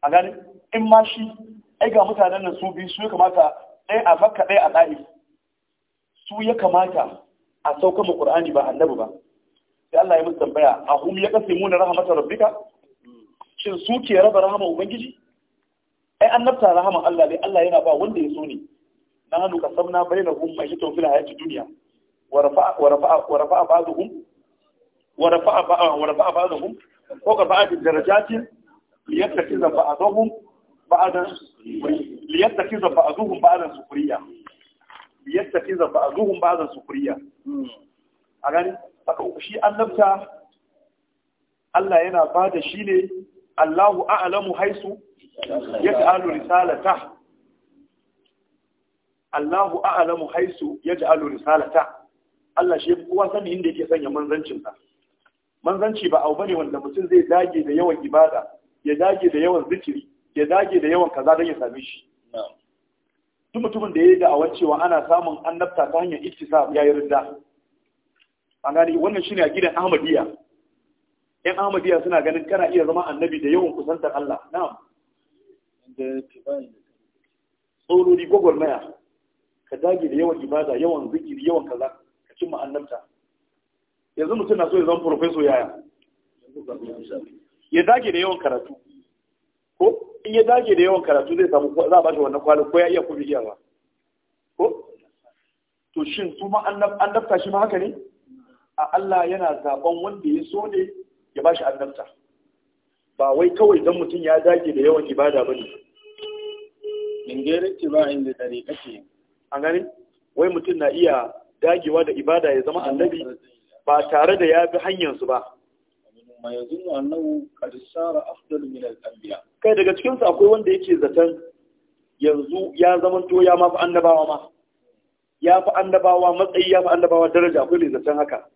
A: a gani in ma shi ai ga mutanen nan su biyu su ya kamata ɗaya a makka ɗaya a ɗa'i su ya kamata a sauka ma ƙur'ani ba annabi ba sai Allah ya musu tambaya a hum ya kasi na rahmatar rabbika shin su ke raba rahama ubangiji ai annabta Rahama Allah ne Allah yana ba wanda ya so ne na hannu ka samna bainahum mai shito fil hayati duniya wa rafa'a wa rafa'a wa rafa'a ba'dhum wa rafa'a ba'dhum فوق بعض الدرجات ليتخذ بعضهم بعضا ليتخذ بعضهم بعضا سخرية ليتخذ بعضهم بعضا سخرية a gani shi annabta Allah yana ba shi ne Allahu a'lamu haisu ya risalata Allahu a'lamu haisu ya risalata Allah shi kowa sani inda sanya manzancinsa manzanci ba abu bane wanda mutum zai dage da yawan ibada ya dage da yawan zikiri ya dage da yawan kaza don ya same shi duk mutumin da ya yi da'awar cewa ana samun annabta ta hanyar ittisab ya yi rinda a gani wannan shine a gidan ahmadiyya yan ahmadiyya suna ganin kana iya zama annabi da yawan kusantar Allah na'am da tsorori gwagwarmaya ka dage da yawan ibada yawan zikiri yawan kaza ka cimma annabta yanzu mutum na so ya zama profeso yaya ya dage da yawan karatu ko in ya dage da yawan karatu zai samu za a bashi wannan kwalin ko ya iya kuma iyawa ko to shin su ma an dafta shi ma haka ne a Allah yana zaɓon wanda ya so ne ya bashi an dafta ba wai kawai don mutum ya dage da yawan ibada ba ne in ce ba inda dare kake an gani wai mutum na iya dagewa da ibada ya zama annabi ba tare da ya bi hanyarsu ba kai daga cikinsu akwai wanda yake zaton yanzu ya zamanto ya mafi annabawa ma ya fi annabawa matsayi ya fi annabawa daraja akwai ne zaton haka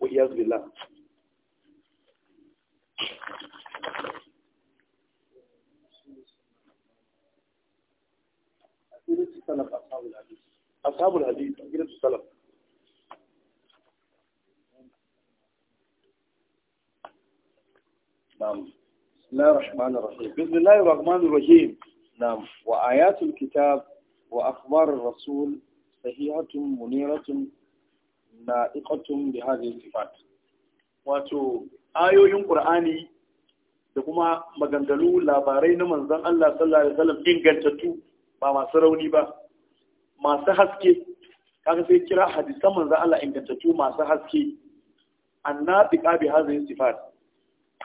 A: wa iyaz billah ashabul hadith ashabul hadith نعم بسم الله الرحمن الرحيم بسم الله الرحمن الرحيم نعم وآيات الكتاب وأخبار الرسول wato ayoyin ƙur'ani da kuma magangalu labarai na manzon Allah sallallahu ingantattu ba masu rauni ba masu haske kaga sai kira hadisan manzon Allah ingantattu masu haske annabiqa bi hadhihi sifat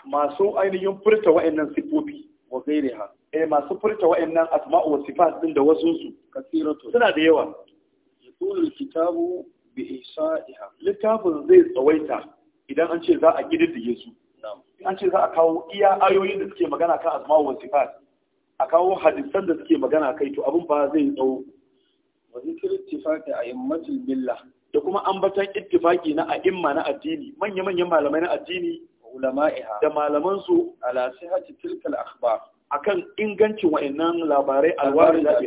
A: masu ainihin furta wa'annan sifofi wa ha eh masu furta wa'annan asma'u wa sifat din da wasu su kasiratu suna da yawa yaqulu kitabu bi ihsa'iha littafin zai tsawaita idan an ce za a gididdige su an ce za a kawo iya ayoyin da suke magana kan asma'u wa sifat a kawo hadisan da suke magana kai to abin ba zai tsawo wa zikr ittifaqi yammacin billah da kuma ambatan ittifaqi na a'imma na addini manya manyan malamai na addini ulama'iha da malaman su ala sihhati tilkal akhbar akan ingancin wa'annan labarai alwari da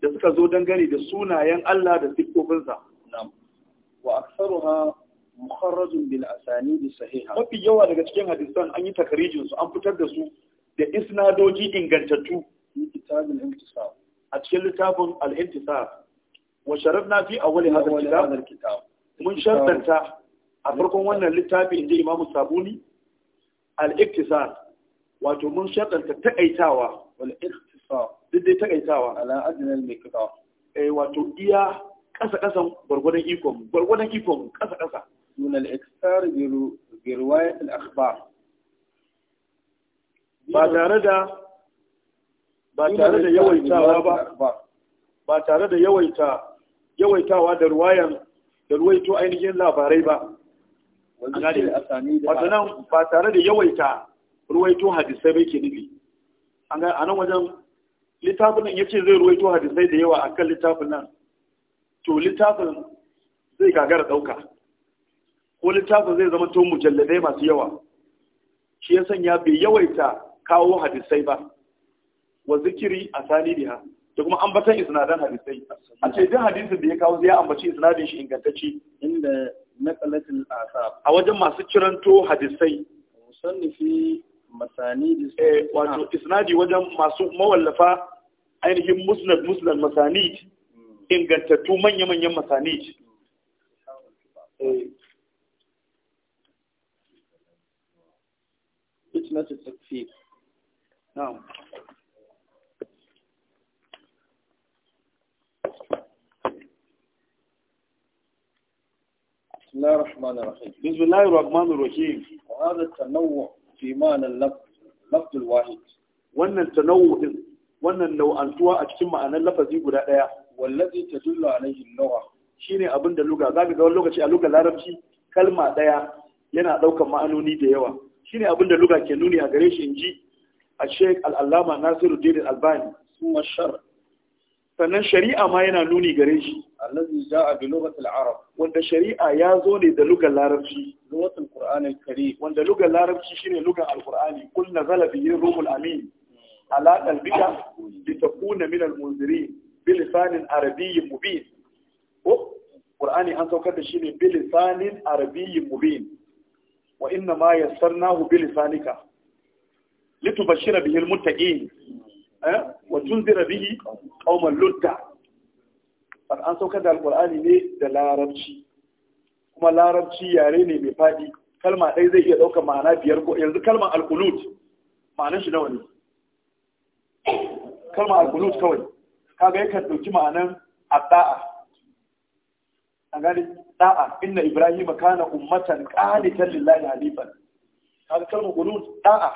A: da suka zo dangane da sunayen Allah da siffofinsa na'am wa aktsaruha mukharrajun bil asanidi sahiha mafi yawa daga cikin hadisan an yi takarijin su an fitar da su da isnadoji ingantattu a cikin littafin al-intisar wa sharafna fi awwali hadha al-kitab mun shartanta a farkon wannan littafi inda imamu sabuni al’iktisar wato mun shakanta takaitawa wal iktisar duk dai takaitawa ala mai miqdar eh wato iya ƙasa-ƙasan gwargwadon ikon gwargwadon ikon ƙasa-ƙasa nuna al’iktisar iktisar bi ba tare da ba tare da yawaitawa ba ba tare da yawaita yawaitawa da ruwayan da ruwaito ainihin labarai ba wato nan ba tare da yawaita ruwaito hadisai bai ke nufi a nan wajen littafin nan ya ce zai ruwaito hadisai da yawa akan littafin nan to littafin zai gagara ɗauka ko littafin zai zama to mujalladai masu yawa shi ya sanya bai yawaita kawo hadisai ba wa zikiri a salidiha da kuma ambatan isnadan hadisai a ce duk hadisin da ya kawo zai ambaci isnadin shi ingantacce inda naqalatil asar a wajen masu kiranto hadisai musannifi masani eh wato isnadi wajen masu mawallafa ainihin musnad musnad masani hmm. ingantattu manya-manyan masani hmm. eh. fitnat at بسم الله الرحمن الرحيم بسم الله الرحمن الرحيم وهذا التنوع في معنى اللفظ الواحد wannan nau'antuwa a cikin ma'anar lafazi guda ɗaya wallazi tadullu alaihi nawa shine abin da luga zaka ga wani lokaci a lugar larabci kalma ɗaya yana ɗaukar ma'anoni da yawa shine abin da luga ke nuni a gare shi inji a Sheikh Al-Allama Nasiruddin Albani summa sannan shari'a ma yana nuni gare shi allazi ja'a bi lughati arab wanda shari'a ya zo ne da lugar larabci lughati quran al-karim wanda lugar larabci shine lugar al-qur'ani kul nazala bihi ruhul amin ala qalbika litakuna min al-munzirin bi lisanin arabiyyin mubin ko qur'ani an saukar da shi ne bi lisanin arabiyyin mubin wa inna ma yassarnahu bi lisanika litubashshira bihi al-muttaqin wa tunzira bihi qauman ludda an saukar da alkur'ani ne da larabci kuma larabci yare ne mai faɗi kalma ɗaya zai iya ɗaukar ma'ana biyar ko yanzu kalmar alkulut ma'anar shi nawa ne kalmar alkulut kawai kaga yakan ɗauki ma'anar adda'a a gani da'a inna ibrahim kana ummatan qanitan lillahi halifan kaga kalmar kulut da'a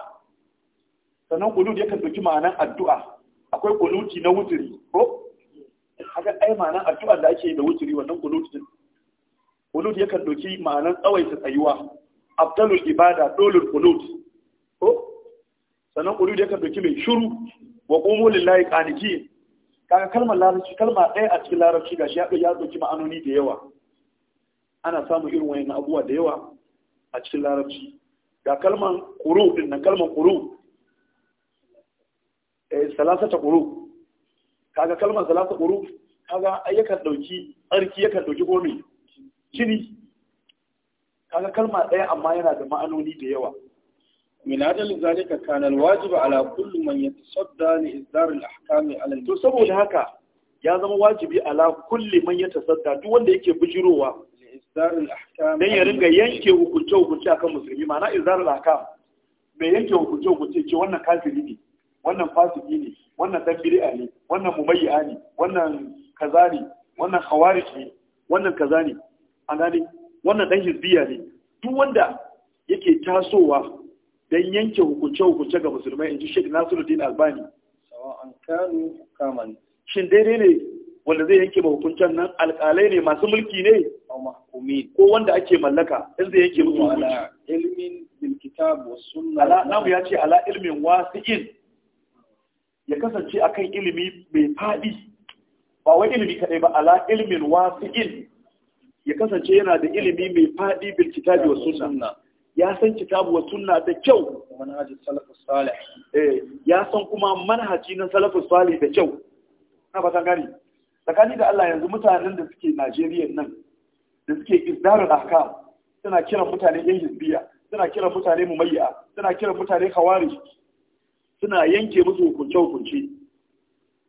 A: sannan kulut yakan ɗauki ma'anar addu'a akwai kuluti na wuturi ko haka ai ma'anar addu'a da ake da wuturi wannan kunut din kunut yakan doki ma'anan tsawaita tsayuwa afdalul ibada dolul kunut ko sannan kunut yakan doki mai shiru wa qumu lillahi qanitin kaga kalmar larabci kalma ɗaya a cikin larabci ga shi ya doki ma'anoni da yawa ana samun irin wayan abubuwa da yawa a cikin larabci ga kalmar quru din nan kalmar quru eh salasata quru kaga kalmar salasa quru kaga yakan ɗauki tsarki yakan ɗauki gomi kini kaga kalma ɗaya amma yana da ma'anoni da yawa min ajal zalika kana alwajib ala kulli man yatasadda li isdar alahkam ala to saboda haka ya zama wajibi ala kulli man yatasadda duk wanda yake bujirowa li isdar alahkam dan ya ringa yanke hukunce hukunce akan musulmi ma'ana isdar alahkam Me yanke hukunce hukunce ce wannan kafiri ne wannan fasiki ne wannan dabiri ne wannan mumayya ne wannan kaza ne wannan khawarij ne wannan kaza ne an gane wannan dan hizbiya ne duk wanda yake tasowa dan yanke hukunce hukunce ga musulmai inji Sheikh Nasiruddin Albani sawa'an kanu hukaman shin daidai ne wanda zai yanke ma hukuncen nan alƙalai ne masu mulki ne ko wanda ake mallaka in zai yanke musu ala ilmin bil kitab was sunna ala namu ya ce ala ilmin wasi'in ya kasance akan ilimi mai fadi ba wai ilimi kadai ba ala ilimin wasu il ya kasance yana da ilimi mai faɗi bil kitabi wa sunna ya san kitabu wa sunna da kyau manhajin salafus salih eh ya san kuma manhaji na salafus salih da kyau na fatan gani tsakani da Allah yanzu mutanen da suke Najeriya nan da suke izdarul ahkam suna kiran mutane yan Hisbiya, suna kiran mutane mumayya suna kiran mutane khawarij suna yanke musu hukunce hukunce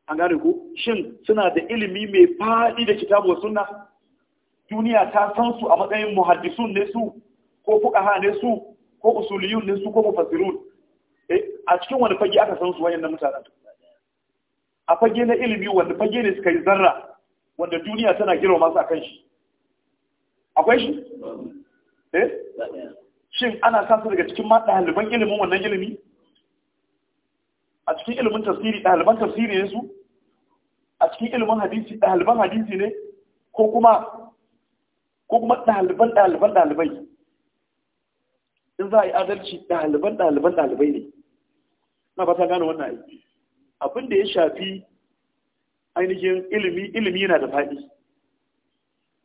A: an gane ku shin suna da ilimi mai faɗi da kitabu suna duniya ta san su a matsayin muhaddisun ne su ko fuqaha ne su ko usuliyun ne su ko mufassirun eh a cikin wani fage aka san su wayannan mutanen a fage na ilimi wanda fage ne suka yi zarra wanda duniya tana girma masu akan shi akwai shi eh shin ana san su daga cikin mata ɗaliban ilimin wannan ilimi a cikin ilimin tasiri ɗaliban tasiri ne su a cikin ilimin hadisi ɗaliban hadisi ne ko kuma ko kuma ɗaliban ɗaliban ɗalibai in za a yi adalci ɗaliban ɗaliban ɗalibai ne na fata gane wannan aiki abin da ya shafi ainihin ilimi ilimi yana da faɗi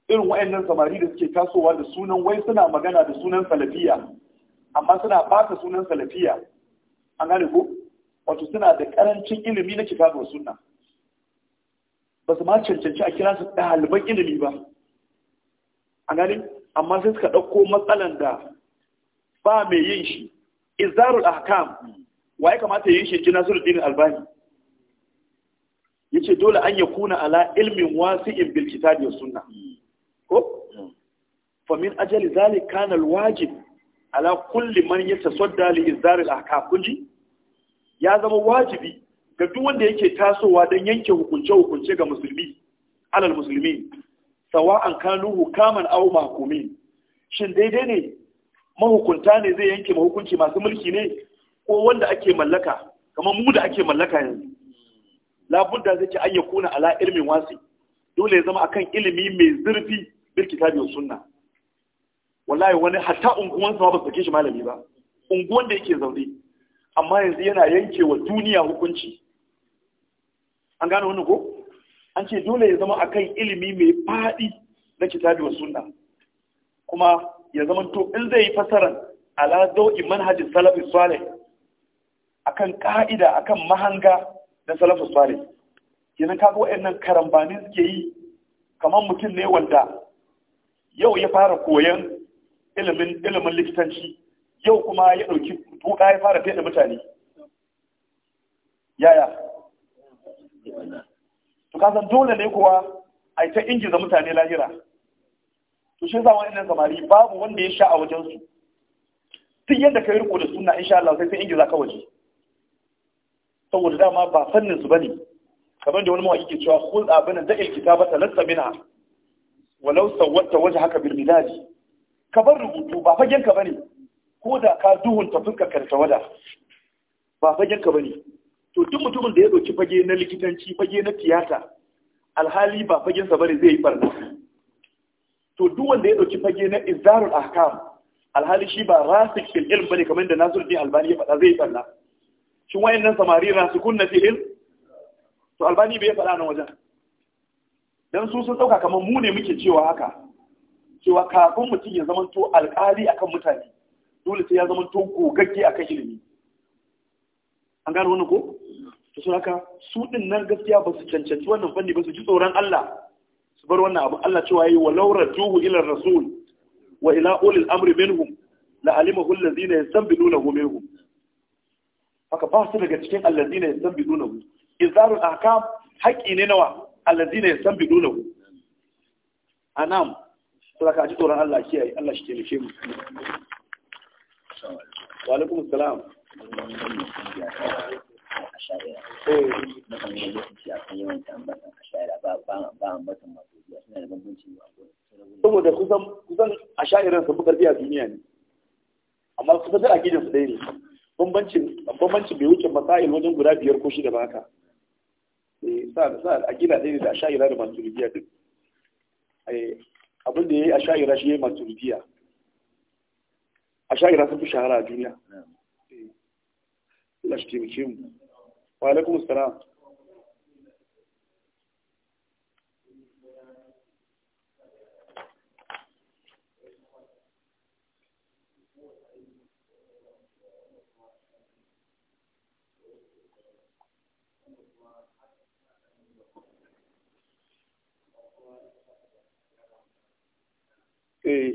A: irin wa'annan samari da suke tasowa da sunan wai suna magana da sunan salafiya amma suna bata sunan salafiya an gane ko wato suna da karancin ilimi na kitabar sunna ba su ma cancanci a kira su ɗaliban ilimi ba a gani amma sai suka ɗauko matsalan da ba mai yin shi izarul ahkam wa ya kamata yin shi jina surdin albani ya ce dole an ya kuna ala ilmin wasu in bilkita da suna ko famin ajali zali kanal wajib ala kulli man yatasadda li izaril ahkam kunji ya zama wajibi da duk wanda yake tasowa don yanke hukunce-hukunce ga musulmi alal musulmi sawa an kanu hukaman au mahukumi shin daidai ne mahukunta ne zai yanke mahukunci masu mulki ne ko wanda ake mallaka kamar mu da ake mallaka yanzu labudda zai ce an kuna ala ilimin wasi dole ya zama akan ilimi mai zurfi bil kitabi sunna wallahi wani hatta unguwan sa ba su sake shi malami ba unguwan da yake zaune amma yanzu yana yanke wa duniya hukunci an gane wannan ko an ce dole ya zama akan ilimi mai faɗi na kitabi wa sunna kuma ya zama to in zai yi fasaran ala zau'i manhajin salafin salih akan ka'ida akan mahanga na salafin salih kenan kaga waɗannan karambani suke yi kamar mutum ne wanda yau ya fara koyon ilimin ilimin likitanci yau kuma ya ɗauki tuka ya fara fiye da mutane yaya to ka san dole ne kuwa a yi ta ingiza mutane lahira to shi yasa wa'annan samari babu wanda ya sha a wajensu. Tun yadda ka yi riko da sunna insha Allah sai ta za ka waje saboda dama ba fannin su bane kamar da wani mawaƙi ke cewa kul abin da ta bata talassa mina walau waje haka birni midaji ka bar rubutu ba fagen ka bane ko da ka duhun ta ka ta wada ba fagen ka bane to duk mutumin da ya doki fage na likitanci fage na tiyata alhali ba fagensa bane zai yi barna to duk wanda ya doki fage na izarul ahkam alhali shi ba rasik fil ilm bane kamar da Nasiruddin Albani ya faɗa zai yi barna shin wayannan samari rasikun na fil to Albani bai faɗa nan wajen dan su sun dauka kamar mu ne muke cewa haka cewa kafin mutum ya to alƙali akan mutane dole sai ya to gogagge akan ilimi an gano wannan ko to sun haka su din nan gaskiya ba su cancanci wannan fanni ba su ji tsoron Allah su bar wannan abu Allah cewa yi walau rajuhu ila rasul wa ila ulil amri minhum la alimahu allazina yastanbidunahu minhum haka ba su daga cikin allazina yastanbidunahu izarul ahkam haƙi ne nawa allazina yastanbidunahu anam saboda ka ji tsoron Allah kiyaye Allah shi ke nufi mu wa alaikum assalam ambatan ashaira mukan yi lokaci a kan yawan ambatan ashaira ba ba ambatan masu biya suna da bambanci ba saboda kusan kusan ashairan sun fi karfi a duniya ne amma kusan da akidan su ɗaya ne bambancin bambancin bai wuce masail wajen guda biyar ko shida ba haka eh sa sa akida ɗaya ne da ashaira da maturidiya duk eh abin da ya yi ashaira shi yayi maturidiya ashaira sun fi shahara a duniya eh, Allah shi taimake mu wa alaikum salam Eh.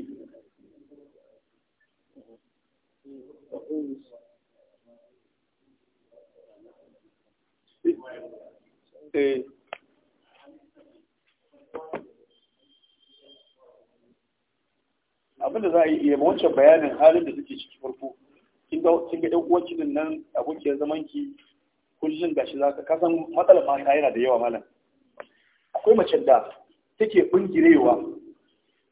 A: Eh. Abin abinda za a yi iya wancan bayanin halin da suke ciki farko kin ga ga uwar cikin nan abokiyar zaman ki kullun gashi za ka kasan matsalar ta yana da yawa malam akwai mace da take bungirewa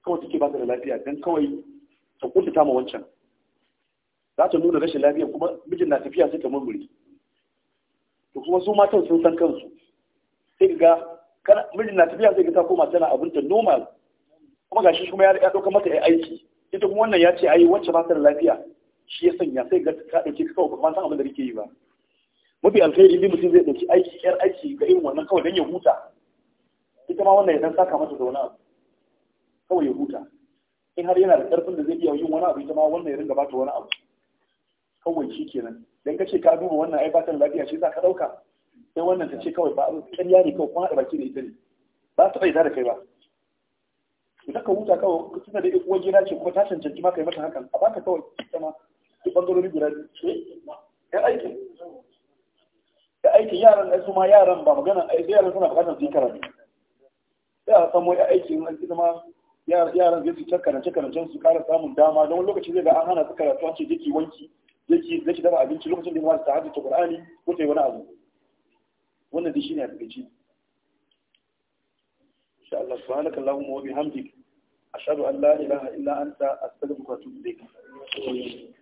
A: kawai take ba ta da lafiya don kawai ta ta ma wancan za ta nuna rashin lafiya kuma mijin na tafiya sai ta murmure to matan sun san kansu sai ga kana miji na tafiya sai ga ta koma tana ta, normal kuma gashi kuma ya ya dauka mata ya aiki ita kuma wannan ya ce ai wacce ba ta da lafiya shi ya sanya sai ga ka dauki ka kawai ba san abin da kake yi ba mafi alkhairi ne mutum zai dauki aiki yar aiki ga irin wannan kawai dan ya huta ita ma wannan ya dan saka mata zauna kawai ya huta in har yana da karfin da zai iya yin wani abu ita ma wannan ya ringa bata wani abu kawai shi kenan dan kace ka duba wannan ai ba ta da lafiya shi za ka dauka sai wannan ta ce kawai ba ƙarya ne kawai kuma haɗa baki da ita ne ba ta bai da kai ba idan ka huta kawai ka tuna da uwar gida ce kuma ta cancanci ma kai mata hakan a baka kawai ita ma duk bangarori guda biyu ya aiki ya aiki yaran da su ma yaran ba magana ai yaran suna bukatar su yi karatu a samu ya aiki in an ma yaran zai su can karance karancen su ƙara samun dama don wani lokaci zai ga an hana su karatu an ce zai ki wanki zai ki dama abinci lokacin da ya kamata ta hajjata ko ta yi wani abu wannan da shi ne a gaji insha Allah subhanaka allahumma wa bihamdik ashhadu an la ilaha illa a astaghfiruka wa atubu ilayk